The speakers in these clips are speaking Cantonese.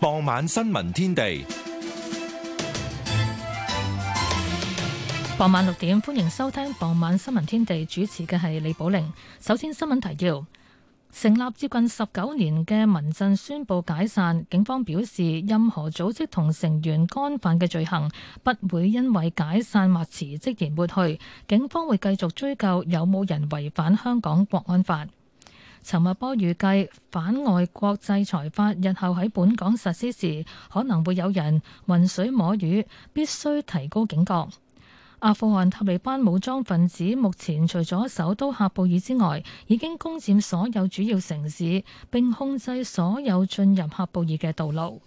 傍晚新聞天地，傍晚六點，歡迎收聽傍晚新聞天地，主持嘅係李寶玲。首先新聞提要：成立接近十九年嘅民陣宣布解散，警方表示任何組織同成員干犯嘅罪行，不會因為解散或辭職而抹去，警方會繼續追究有冇人違反香港國安法。陳茂波預計反外國制裁法日後喺本港實施時，可能會有人混水摸魚，必須提高警覺。阿富汗塔利班武裝分子目前除咗首都喀布爾之外，已經攻佔所有主要城市，並控制所有進入喀布爾嘅道路。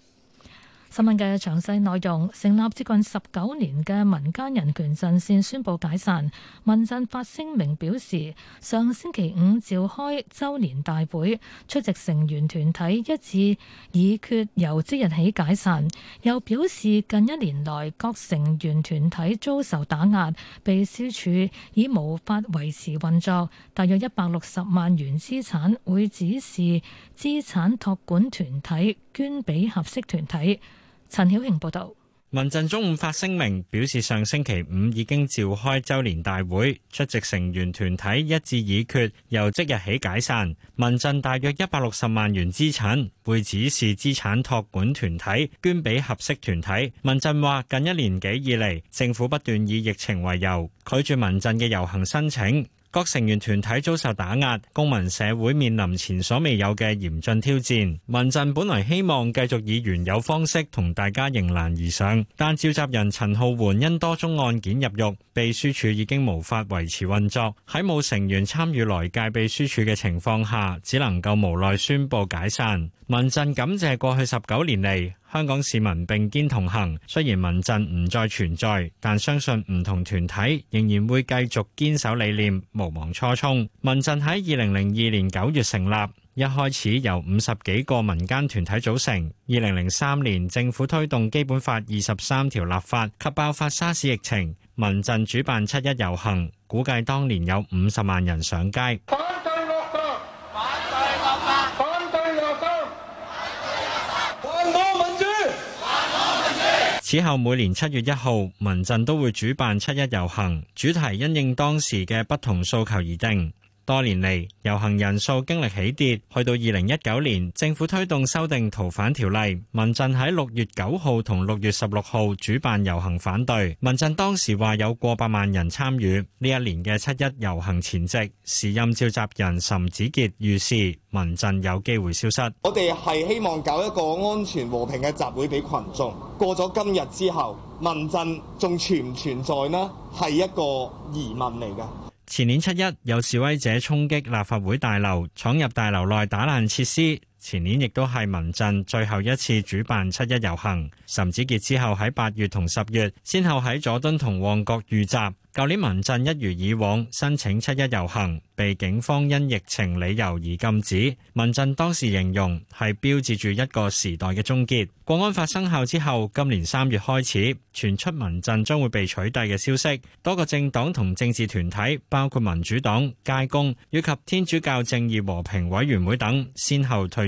新聞嘅詳細內容：成立接近十九年嘅民間人權陣線宣布解散。民陣發聲明表示，上星期五召開周年大會，出席成員團體一致議決由即日起解散。又表示近一年來各成員團體遭受打壓，被消處已無法維持運作，大約一百六十萬元資產會指示資產託管團體捐俾合適團體。陳曉瑩報道，民陣中午發聲明表示，上星期五已經召開周年大會，出席成員團體一致議決，由即日起解散。民陣大約一百六十萬元資產會指示資產託管團體捐俾合適團體。民陣話，近一年幾以嚟，政府不斷以疫情為由，拒絕民陣嘅遊行申請。各成員團體遭受打壓，公民社會面臨前所未有嘅嚴峻挑戰。民陣本來希望繼續以原有方式同大家迎難而上，但召集人陳浩桓因多宗案件入獄，秘書處已經無法維持運作。喺冇成員參與來屆秘書處嘅情況下，只能夠無奈宣布解散。民陣感謝過去十九年嚟，香港市民並肩同行，雖然民陣唔再存在，但相信唔同團體仍然會繼續堅守理念，無忘初衷。民陣喺二零零二年九月成立，一開始由五十幾個民間團體組成。二零零三年政府推動基本法二十三條立法及爆發沙士疫情，民陣主辦七一遊行，估計當年有五十萬人上街。此後每年七月一號，民陣都會主辦七一遊行，主題因應當時嘅不同訴求而定。多年嚟，遊行人數經歷起跌，去到二零一九年，政府推動修訂逃犯條例，民陣喺六月九號同六月十六號主辦遊行反對。民陣當時話有過百萬人參與。呢一年嘅七一遊行前夕，時任召集人岑子傑遇事，民陣有機會消失。我哋係希望搞一個安全和平嘅集會俾群眾。過咗今日之後，民陣仲存唔存在呢？係一個疑問嚟㗎。前年七一，有示威者衝擊立法會大樓，闖入大樓內打爛設施。前年亦都係民陣最後一次主辦七一遊行，岑子傑之後喺八月同十月，先後喺佐敦同旺角遇襲。舊年民陣一如以往申請七一遊行，被警方因疫情理由而禁止。民陣當時形容係標誌住一個時代嘅終結。《國安法》生效之後，今年三月開始傳出民陣將會被取締嘅消息，多個政黨同政治團體，包括民主黨、街工以及天主教正義和平委員會等，先後退。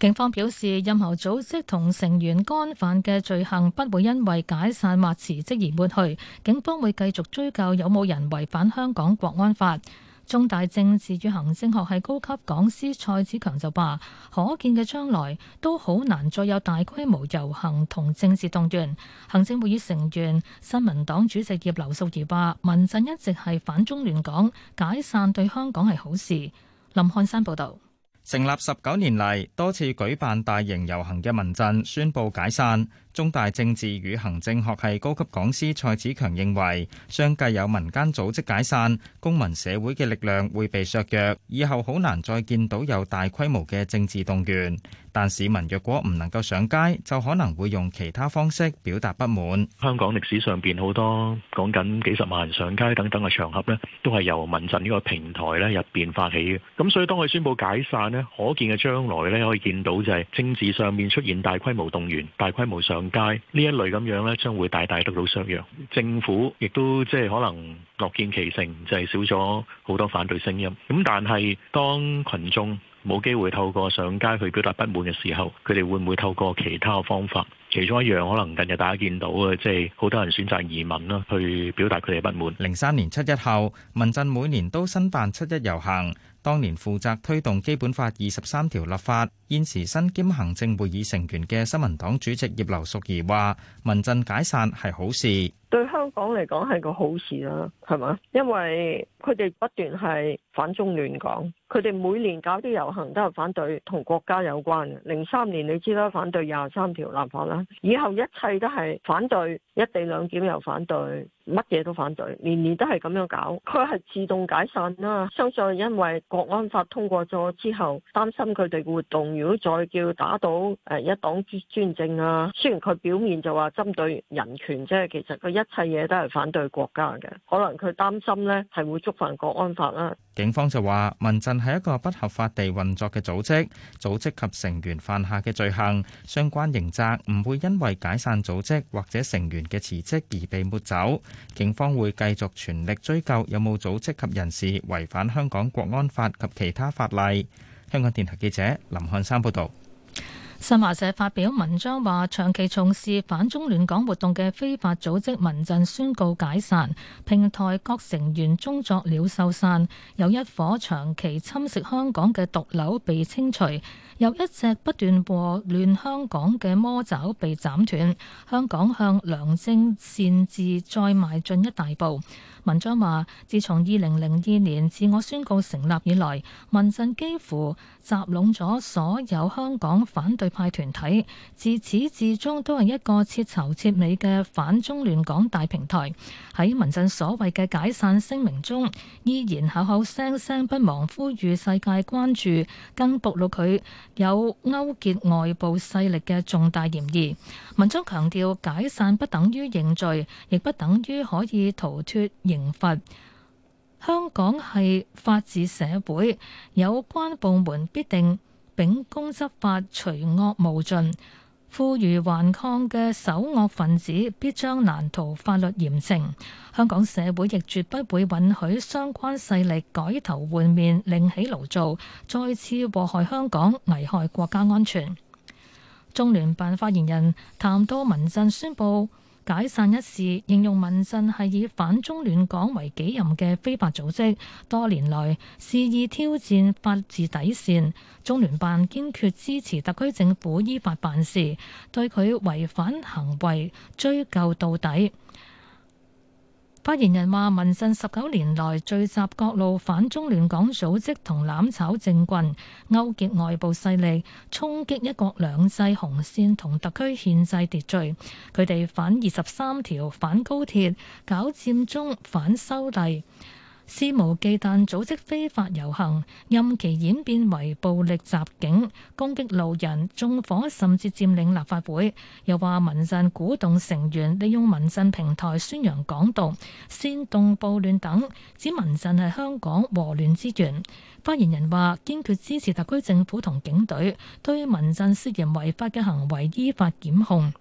警方表示，任何組織同成員干犯嘅罪行不會因為解散或辭職而抹去，警方會繼續追究有冇人違反香港國安法。中大政治與行政學系高級講師蔡子強就話：可見嘅將來都好難再有大規模遊行同政治動員。行政會議成員、新民黨主席葉劉淑儀話：民陣一直係反中亂港，解散對香港係好事。林漢山報導。成立十九年嚟，多次舉辦大型遊行嘅民陣，宣布解散。中大政治與行政學系高級講師蔡子強認為，相繼有民間組織解散，公民社會嘅力量會被削弱，以後好難再見到有大規模嘅政治動員。但市民若果唔能夠上街，就可能會用其他方式表達不滿。香港歷史上邊好多講緊幾十萬人上街等等嘅場合咧，都係由民陣呢個平台咧入邊發起嘅。咁所以當佢宣布解散咧，可見嘅將來咧可以見到就係政治上面出現大規模動員、大規模上街呢一類咁樣咧，將會大大得到削弱。政府亦都即係可能樂見其成，就係少咗好多反對聲音。咁但係當群眾冇機會透過上街去表達不滿嘅時候，佢哋會唔會透過其他嘅方法？其中一樣可能近日大家見到嘅，即係好多人選擇移民啦，去表達佢哋不滿。零三年七一後，民陣每年都申辦七一遊行。當年負責推動《基本法》二十三條立法，現時身兼行政會議成員嘅新民黨主席葉劉淑儀話：民陣解散係好事。對香港嚟講係個好事啦，係嘛？因為佢哋不斷係反中亂港，佢哋每年搞啲遊行都係反對同國家有關嘅。零三年你知啦，反對廿三條立法啦，以後一切都係反對，一地兩檢又反對，乜嘢都反對，年年都係咁樣搞。佢係自動解散啦，相信因為國安法通過咗之後，擔心佢哋活動，如果再叫打倒誒一黨專政啊，雖然佢表面就話針對人權啫，其實佢一切嘢都係反對國家嘅，可能佢擔心咧係會觸犯國安法啦。警方就話，民陣係一個不合法地運作嘅組織，組織及成員犯下嘅罪行，相關刑責唔會因為解散組織或者成員嘅辭職而被抹走。警方會繼續全力追究有冇組織及人士違反香港國安法及其他法例。香港電台記者林漢山報道。新華社發表文章話，長期從事反中亂港活動嘅非法組織民陣宣告解散，平台各成員中作鳥獸散，有一伙長期侵蝕香港嘅毒瘤被清除。有一隻不斷禍亂香港嘅魔爪被斬斷，香港向良政善治再邁進一大步。文章話：自從二零零二年自我宣告成立以來，民陣幾乎集攏咗所有香港反對派團體，自始至終都係一個徹頭徹尾嘅反中亂港大平台。喺民陣所謂嘅解散聲明中，依然口口聲聲不忘呼籲世界關注，更暴露佢有勾結外部勢力嘅重大嫌疑，文中強調解散不等於認罪，亦不等於可以逃脱刑罰。香港係法治社會，有關部門必定秉公執法，除惡務盡。負隅頑抗嘅首惡分子，必將難逃法律嚴懲。香港社會亦絕不會允許相關勢力改頭換面，另起爐灶，再次禍害香港，危害國家安全。中聯辦發言人談到民陣宣布解散一事，形容民陣係以反中亂港為己任嘅非法組織，多年來肆意挑戰法治底線。中聯辦堅決支持特區政府依法辦事，對佢違反行為追究到底。發言人話：民陣十九年來聚集各路反中聯港組織同攬炒政棍，勾結外部勢力，衝擊一國兩制紅線同特區憲制秩序。佢哋反二十三條，反高鐵，搞占中，反修例。肆無忌憚組織非法遊行，任其演變為暴力襲警、攻擊路人、縱火，甚至佔領立法會。又話民陣鼓動成員利用民陣平台宣揚港獨、煽動暴亂等，指民陣係香港和亂之源。發言人話：堅決支持特區政府同警隊對民陣涉嫌違法嘅行為依法檢控。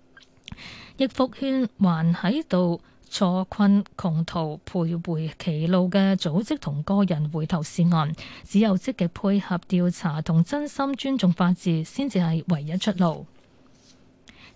亦復勸還喺度坐困窮途徘徊歧路，嘅組織同個人回頭是岸，只有積極配合調查同真心尊重法治，先至係唯一出路。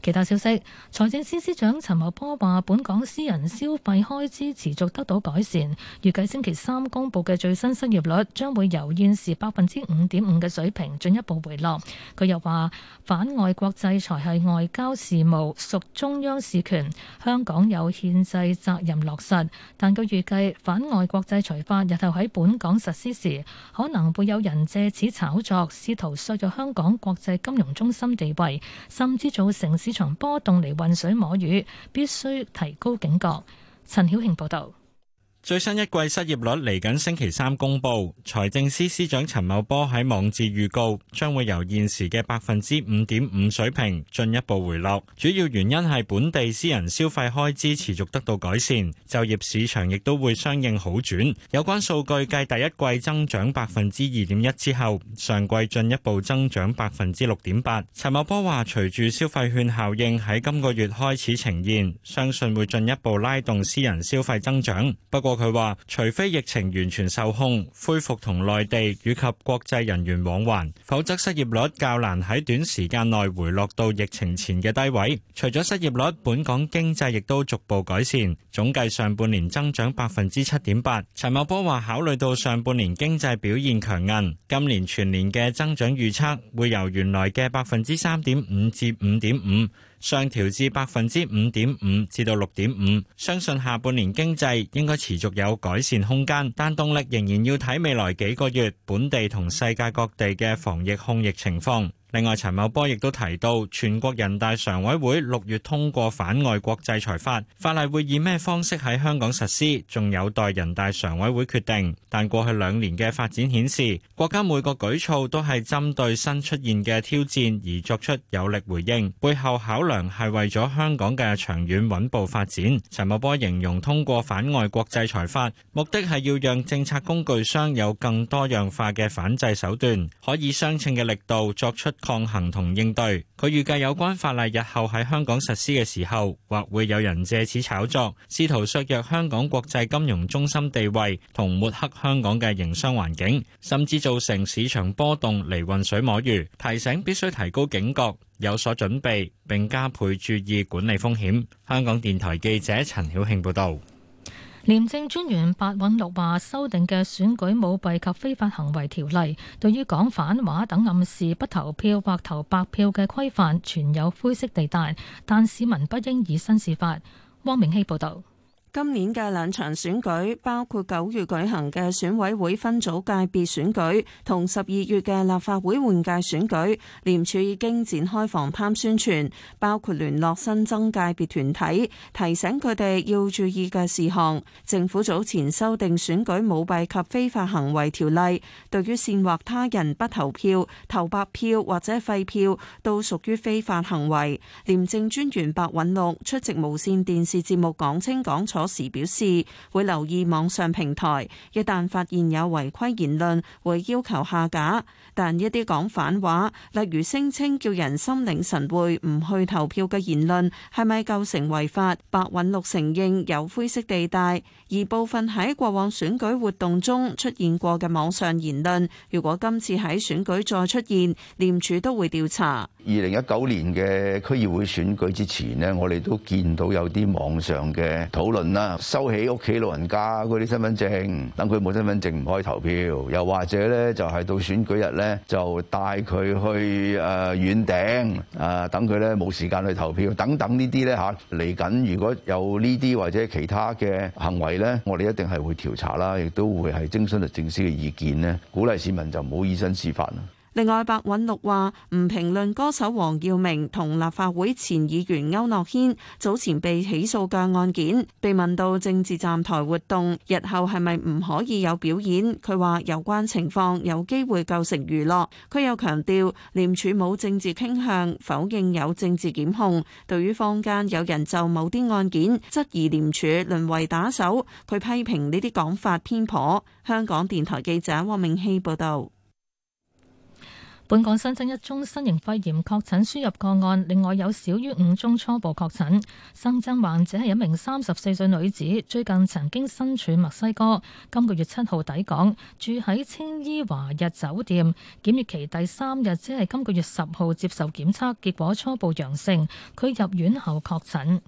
其他消息，財政司司長陳茂波話本港私人消費開支持續得到改善，預計星期三公佈嘅最新失業率將會由現時百分之五點五嘅水平進一步回落。佢又話反外國制裁係外交事務，屬中央事權，香港有憲制責任落實，但佢預計反外國制裁法日後喺本港實施時，可能會有人借此炒作，試圖削弱香港國際金融中心地位，甚至造成場波動嚟渾水摸魚，必須提高警覺。陳曉慶報道。最新一季失業率嚟緊星期三公布，財政司司長陳茂波喺網誌預告，將會由現時嘅百分之五點五水平進一步回落，主要原因係本地私人消費開支持續得到改善，就業市場亦都會相應好轉。有關數據繼第一季增長百分之二點一之後，上季進一步增長百分之六點八。陳茂波話，隨住消費券效應喺今個月開始呈現，相信會進一步拉動私人消費增長。不過，佢話：除非疫情完全受控，恢復同內地以及國際人員往還，否則失業率較難喺短時間內回落到疫情前嘅低位。除咗失業率，本港經濟亦都逐步改善，總計上半年增長百分之七點八。陳茂波話：考慮到上半年經濟表現強硬，今年全年嘅增長預測會由原來嘅百分之三點五至五點五，上調至百分之五點五至到六點五，相信下半年經濟應該持續有改善空間，但動力仍然要睇未來幾個月本地同世界各地嘅防疫控疫情況。另外，陳茂波亦都提到，全國人大常委會六月通過反外國制裁法，法例會以咩方式喺香港實施，仲有待人大常委會決定。但過去兩年嘅發展顯示，國家每個舉措都係針對新出現嘅挑戰而作出有力回應，背後考量係為咗香港嘅長遠穩步發展。陳茂波形容通過反外國制裁法，目的係要讓政策工具箱有更多樣化嘅反制手段，可以相稱嘅力度作出。抗衡同應對，佢預計有關法例日後喺香港實施嘅時候，或會有人藉此炒作，試圖削弱香港國際金融中心地位同抹黑香港嘅營商環境，甚至造成市場波動嚟混水摸魚。提醒必須提高警覺，有所準備並加倍注意管理風險。香港電台記者陳曉慶報導。廉政專員白韞六話，修訂嘅選舉舞弊及非法行為條例，對於講反話等暗示不投票或投白票嘅規範，存有灰色地帶，但市民不應以身試法。汪明熙報道。今年嘅兩場選舉，包括九月舉行嘅選委會分組界別選舉，同十二月嘅立法會換屆選舉，廉署已經展開防貪宣傳，包括聯絡新增界別團體，提醒佢哋要注意嘅事項。政府早前修訂《選舉舞弊及非法行為條例》，對於煽惑他人不投票、投白票或者廢票，都屬於非法行為。廉政專員白韞六出席無線電視節目，講清講楚時表示會留意網上平台，一旦發現有違規言論，會要求下架。但一啲講反話，例如聲稱叫人心領神會唔去投票嘅言論，係咪構成違法？白韞六承認有灰色地帶，而部分喺過往選舉活動中出現過嘅網上言論，如果今次喺選舉再出現，廉署都會調查。二零一九年嘅區議會選舉之前呢，我哋都見到有啲網上嘅討論。收起屋企老人家嗰啲身份證，等佢冇身份證唔可以投票；又或者呢，就係到選舉日呢，就帶佢去誒遠頂，誒等佢呢冇時間去投票，等等呢啲呢，嚇，嚟緊如果有呢啲或者其他嘅行為呢，我哋一定係會調查啦，亦都會係徵詢律政司嘅意見呢，鼓勵市民就唔好以身試法啦。另外，白韞六話唔評論歌手黃耀明同立法會前議員區諾軒早前被起訴嘅案件。被問到政治站台活動日後係咪唔可以有表演，佢話有關情況有機會構成娛樂。佢又強調廉署冇政治傾向，否認有政治檢控。對於坊間有人就某啲案件質疑廉署淪為打手，佢批評呢啲講法偏頗。香港電台記者汪明希報道。本港新增一宗新型肺炎確診輸入個案，另外有少於五宗初步確診。新增患者係一名三十四歲女子，最近曾經身處墨西哥，今個月七號抵港，住喺青衣華日酒店，檢疫期第三日即係今個月十號接受檢測，結果初步陽性，佢入院後確診。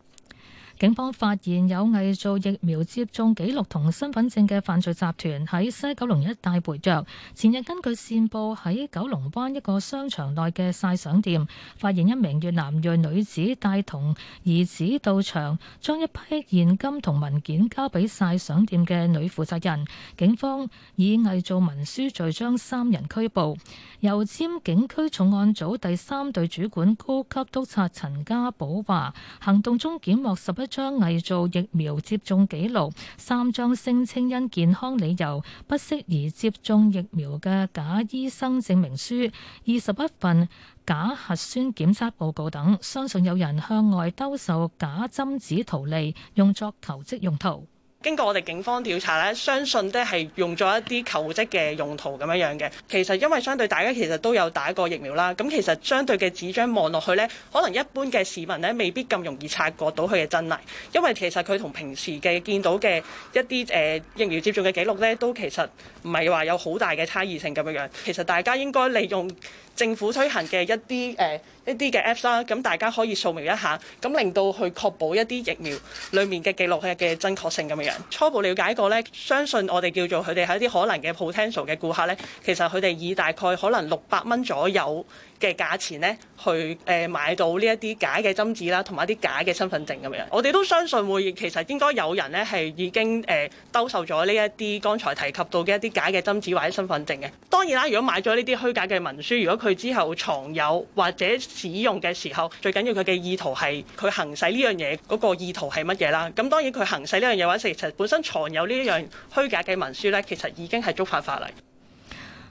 警方發現有偽造疫苗接種記錄同身份證嘅犯罪集團喺西九龍一帶活躍。前日根據線報，喺九龍灣一個商場內嘅晒相店，發現一名越南裔女子帶同兒子到場，將一批現金同文件交俾晒相店嘅女負責人。警方以偽造文書罪將三人拘捕。油尖警區重案組第三隊主管高級督察陳家寶話：行動中檢獲十一，一張偽造疫苗接種記錄，三張聲稱因健康理由不適宜接種疫苗嘅假醫生證明書，二十一份假核酸檢測報告等，相信有人向外兜售假針紙圖利，用作求職用途。經過我哋警方調查咧，相信都係用咗一啲求職嘅用途咁樣樣嘅。其實因為相對大家其實都有打過疫苗啦，咁其實相對嘅紙張望落去呢，可能一般嘅市民咧未必咁容易察覺到佢嘅真偽，因為其實佢同平時嘅見到嘅一啲誒、呃、疫苗接種嘅記錄呢，都其實唔係話有好大嘅差異性咁樣樣。其實大家應該利用，政府推行嘅一啲誒、呃、一啲嘅 apps 啦、啊，咁大家可以掃描一下，咁令到去確保一啲疫苗裏面嘅記錄嘅嘅真確性咁樣樣。初步了解過呢，相信我哋叫做佢哋係一啲可能嘅 potential 嘅顧客呢，其實佢哋以大概可能六百蚊左右。嘅價錢咧，去誒、呃、買到呢一啲假嘅針紙啦，同埋啲假嘅身份證咁樣。我哋都相信會，其實應該有人咧係已經誒、呃、兜售咗呢一啲剛才提及到嘅一啲假嘅針紙或者身份證嘅。當然啦，如果買咗呢啲虛假嘅文書，如果佢之後藏有或者使用嘅時候，最緊要佢嘅意圖係佢行使呢樣嘢嗰個意圖係乜嘢啦？咁當然佢行使呢樣嘢或者其實本身藏有呢樣虛假嘅文書咧，其實已經係觸犯法例。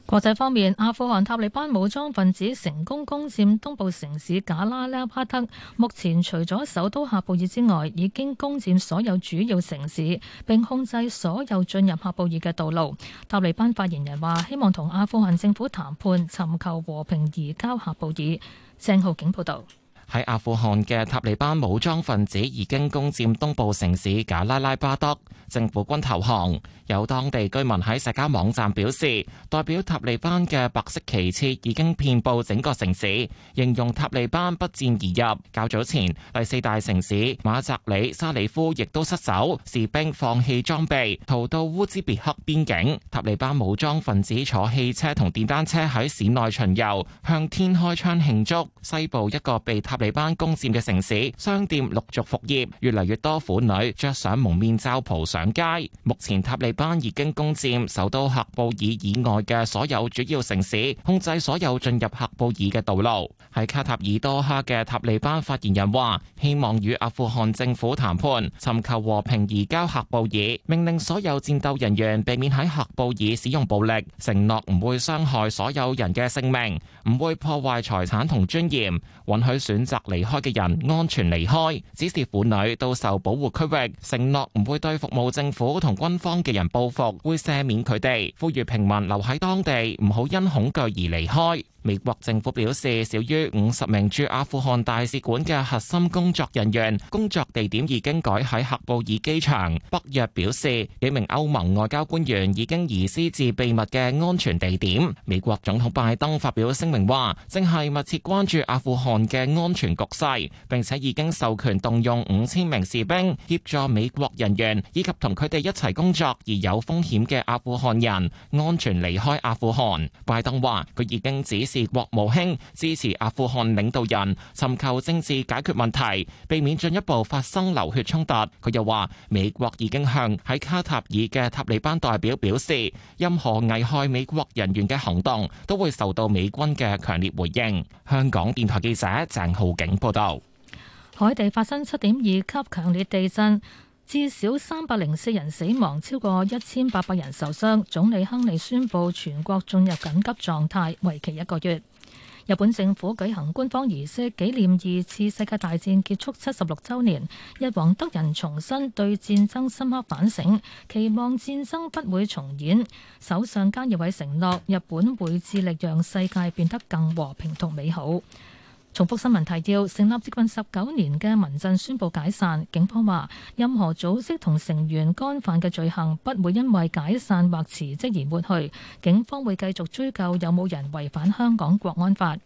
國際方面，阿富汗塔利班武裝分子成功攻佔東部城市賈拉拉巴特，目前除咗首都喀布爾之外，已經攻佔所有主要城市，並控制所有進入喀布爾嘅道路。塔利班發言人話，希望同阿富汗政府談判，尋求和平移交喀布爾。鄭浩景報道。喺阿富汗嘅塔利班武裝分子已經攻占東部城市賈拉拉巴德，政府軍投降。有當地居民喺社交網站表示，代表塔利班嘅白色旗幟已經遍布整個城市，形容塔利班不戰而入。較早前第四大城市馬扎里沙里夫亦都失守，士兵放棄裝備逃到烏茲別克邊境。塔利班武裝分子坐汽車同電單車喺市內巡遊，向天開槍慶祝。西部一個被塔利班攻佔嘅城市，商店陸續復業，越嚟越多婦女着上蒙面罩袍上街。目前塔利班已經攻佔首都喀布爾以外嘅所有主要城市，控制所有進入喀布爾嘅道路。喺卡塔爾多哈嘅塔利班發言人話：希望與阿富汗政府談判，尋求和平移交喀布爾，命令所有戰鬥人員避免喺喀布爾使用暴力，承諾唔會傷害所有人嘅性命，唔會破壞財產同尊嚴，允許選。選擇離開嘅人安全離開，指示婦女到受保護區域，承諾唔會對服務政府同軍方嘅人報復，會赦免佢哋，呼籲平民留喺當地，唔好因恐懼而離開。美國政府表示，少於五十名駐阿富汗大使館嘅核心工作人員，工作地點已經改喺喀布爾機場。北約表示，幾名歐盟外交官員已經移師至秘密嘅安全地點。美國總統拜登發表聲明話，正係密切關注阿富汗嘅安全局勢，並且已經授權動用五千名士兵協助美國人員以及同佢哋一齊工作而有風險嘅阿富汗人安全離開阿富汗。拜登話：佢已經指國務卿，支持阿富汗領導人，尋求政治解決問題，避免進一步發生流血衝突。佢又話：美國已經向喺卡塔爾嘅塔利班代表表示，任何危害美國人員嘅行動都會受到美軍嘅強烈回應。香港電台記者鄭浩景報道。海地發生七點二級強烈地震。至少三百零四人死亡，超過一千八百人受傷。總理亨利宣布全國進入緊急狀態，為期一個月。日本政府舉行官方儀式紀念二次世界大戰結束七十六週年。日皇德仁重申對戰爭深刻反省，期望戰爭不會重演。首相菅義偉承諾日本會致力讓世界變得更和平同美好。重複新聞提要，成立接近十九年嘅民陣宣布解散。警方話，任何組織同成員干犯嘅罪行，不會因為解散或辭職而抹去。警方會繼續追究有冇人違反香港國安法。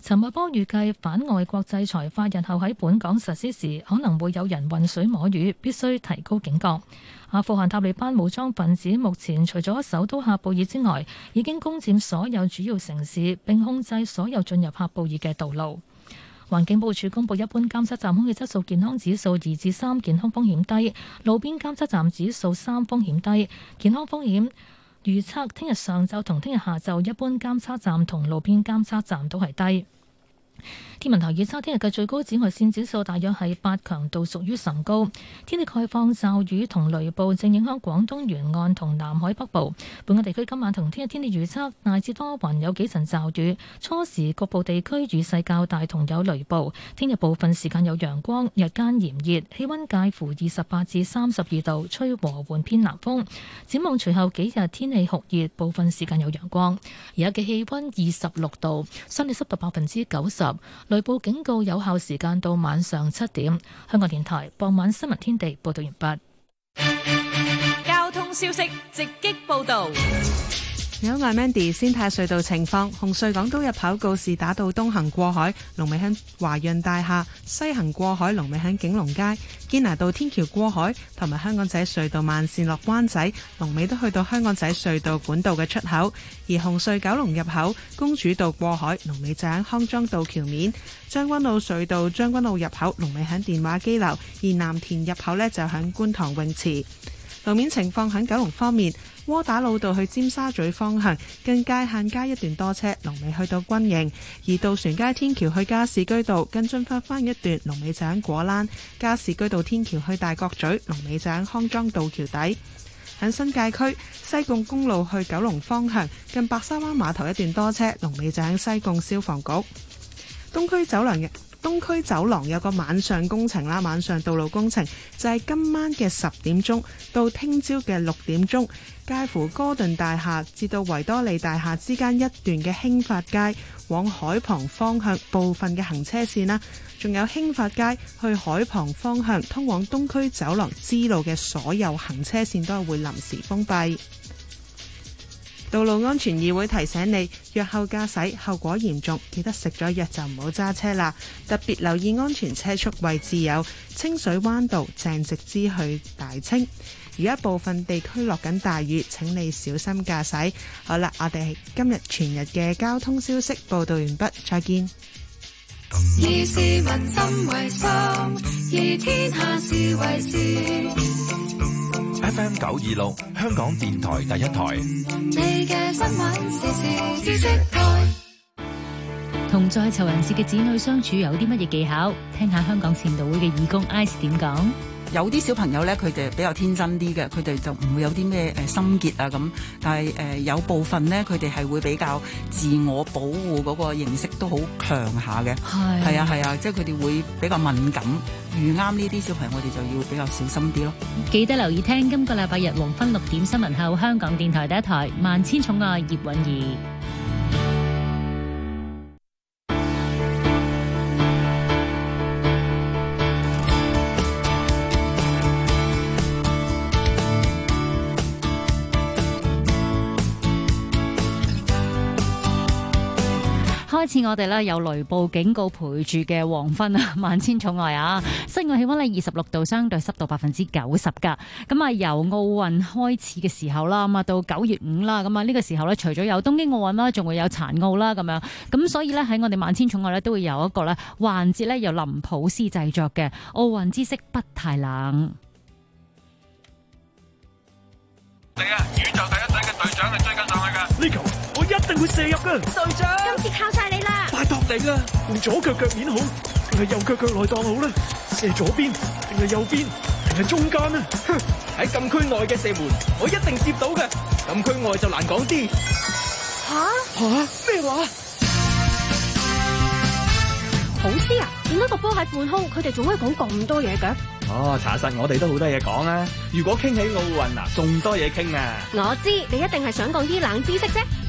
陳茂波預計反外國制裁法日後喺本港實施時，可能會有人混水摸魚，必須提高警覺。阿富汗塔利班武裝分子目前除咗首都喀布爾之外，已經攻佔所有主要城市，並控制所有進入喀布爾嘅道路。環境署公布，一般監測站空氣質素健康指數二至三，健康風險低；路邊監測站指數三，風險低，健康風險。預測聽日上晝同聽日下晝，一般監測站同路邊監測站都係低。天文台預測，聽日嘅最高紫外線指數大約係八，強度屬於甚高。天氣概況，驟雨同雷暴，正影響廣東沿岸同南海北部。本港地區今晚同聽日天氣預測大致多雲，有幾陣驟雨，初時局部地區雨勢較大，同有雷暴。聽日部分時間有陽光，日間炎熱，氣溫介乎二十八至三十二度，吹和緩偏南風。展望隨後幾日天氣酷熱，部分時間有陽光。而家嘅氣溫二十六度，相對濕度百分之九十。雷暴警告有效時間到晚上七點。香港電台傍晚新聞天地報道完畢。交通消息直擊報道。你好，我係 Mandy，先睇隧道情況，紅隧港島入口告士打道東行過海，龍尾喺華潤大廈；西行過海，龍尾喺景隆街。堅拿道天橋過海，同埋香港仔隧道慢綫落灣仔，龍尾都去到香港仔隧道管道嘅出口。而紅隧九龍入口，公主道過海，龍尾就喺康莊道橋面。將軍澳隧道將軍澳入口，龍尾喺電話機樓；而藍田入口呢，就喺觀塘泳池。路面情況喺九龍方面，窩打老道去尖沙咀方向近界限街一段多車，龍尾去到軍營；而渡船街天橋去加士居道跟進發灣一段，龍尾就喺果欄；加士居道天橋去大角咀，龍尾就喺康莊道橋底。喺新界區，西貢公路去九龍方向近白沙灣碼頭一段多車，龍尾就喺西貢消防局。東區走廊嘅。東區走廊有個晚上工程啦，晚上道路工程就係、是、今晚嘅十點鐘到聽朝嘅六點鐘，介乎哥頓大廈至到維多利大廈之間一段嘅興發街往海旁方向部分嘅行車線啦，仲有興發街去海旁方向通往東區走廊之路嘅所有行車線都係會臨時封閉。道路安全議會提醒你，藥後駕駛後果嚴重，記得食咗藥就唔好揸車啦。特別留意安全車速位置，有清水灣道正直之去大清。而家部分地區落緊大雨，請你小心駕駛。好啦，我哋今日全日嘅交通消息報道完畢，再見。以市民心為心，以天下事為事。FM 九二六，香港電台第一台。同在囚人士嘅子女相處有啲乜嘢技巧？聽下香港善導會嘅義工 Ice 點講。有啲小朋友咧，佢哋比較天真啲嘅，佢哋就唔會有啲咩誒心結啊咁。但係誒有部分咧，佢哋係會比較自我保護嗰個認識都好強下嘅。係係啊係啊，即係佢哋會比較敏感，遇啱呢啲小朋友，我哋就要比較小心啲咯。記得留意聽今個禮拜日黃昏六點新聞後，香港電台第一台《萬千寵愛》葉韻儀。今次我哋咧有雷暴警告陪住嘅黃昏啊，萬千寵愛啊！室外氣溫係二十六度，相對濕度百分之九十噶。咁啊，由奧運開始嘅時候啦，咁啊到九月五啦，咁啊呢個時候咧，除咗有東京奧運啦，仲會有殘奧啦，咁樣。咁所以咧，喺我哋萬千寵愛咧，都會有一個咧環節咧，由林普斯製作嘅奧運知識不太冷。你啊！宇宙第一隊嘅隊長係追緊上去噶。一定會射入噶，隊長今次靠晒你啦！拜託你啦，用左腳腳面好，定係右腳腳內檔好咧？射左邊定係右邊，定係中間咧？喺禁區內嘅射門，我一定接到嘅。禁區外就難講啲。吓吓咩話？好啲啊！點解個波喺半空，佢哋仲可以講咁多嘢㗎？哦，查實我哋都好多嘢講啊！如果傾起奧運啊，仲多嘢傾啊！我知你一定係想講啲冷知識啫。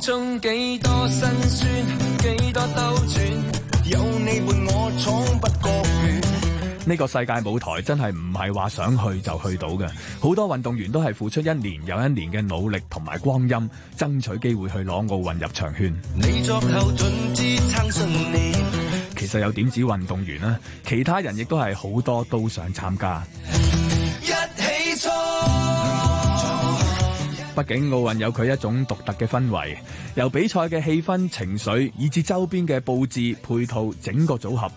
中幾多辛酸，幾多兜轉，有你伴我，從不覺遠。呢個世界舞台真係唔係話想去就去到嘅，好多運動員都係付出一年又一年嘅努力同埋光陰，爭取機會去攞奧運入場券。你作後盾支撐信念，其實有點指運動員啦，其他人亦都係好多都想參加。一起衝！畢竟奧運有佢一種獨特嘅氛圍，由比賽嘅氣氛、情緒，以至周邊嘅布置配套，整個組合。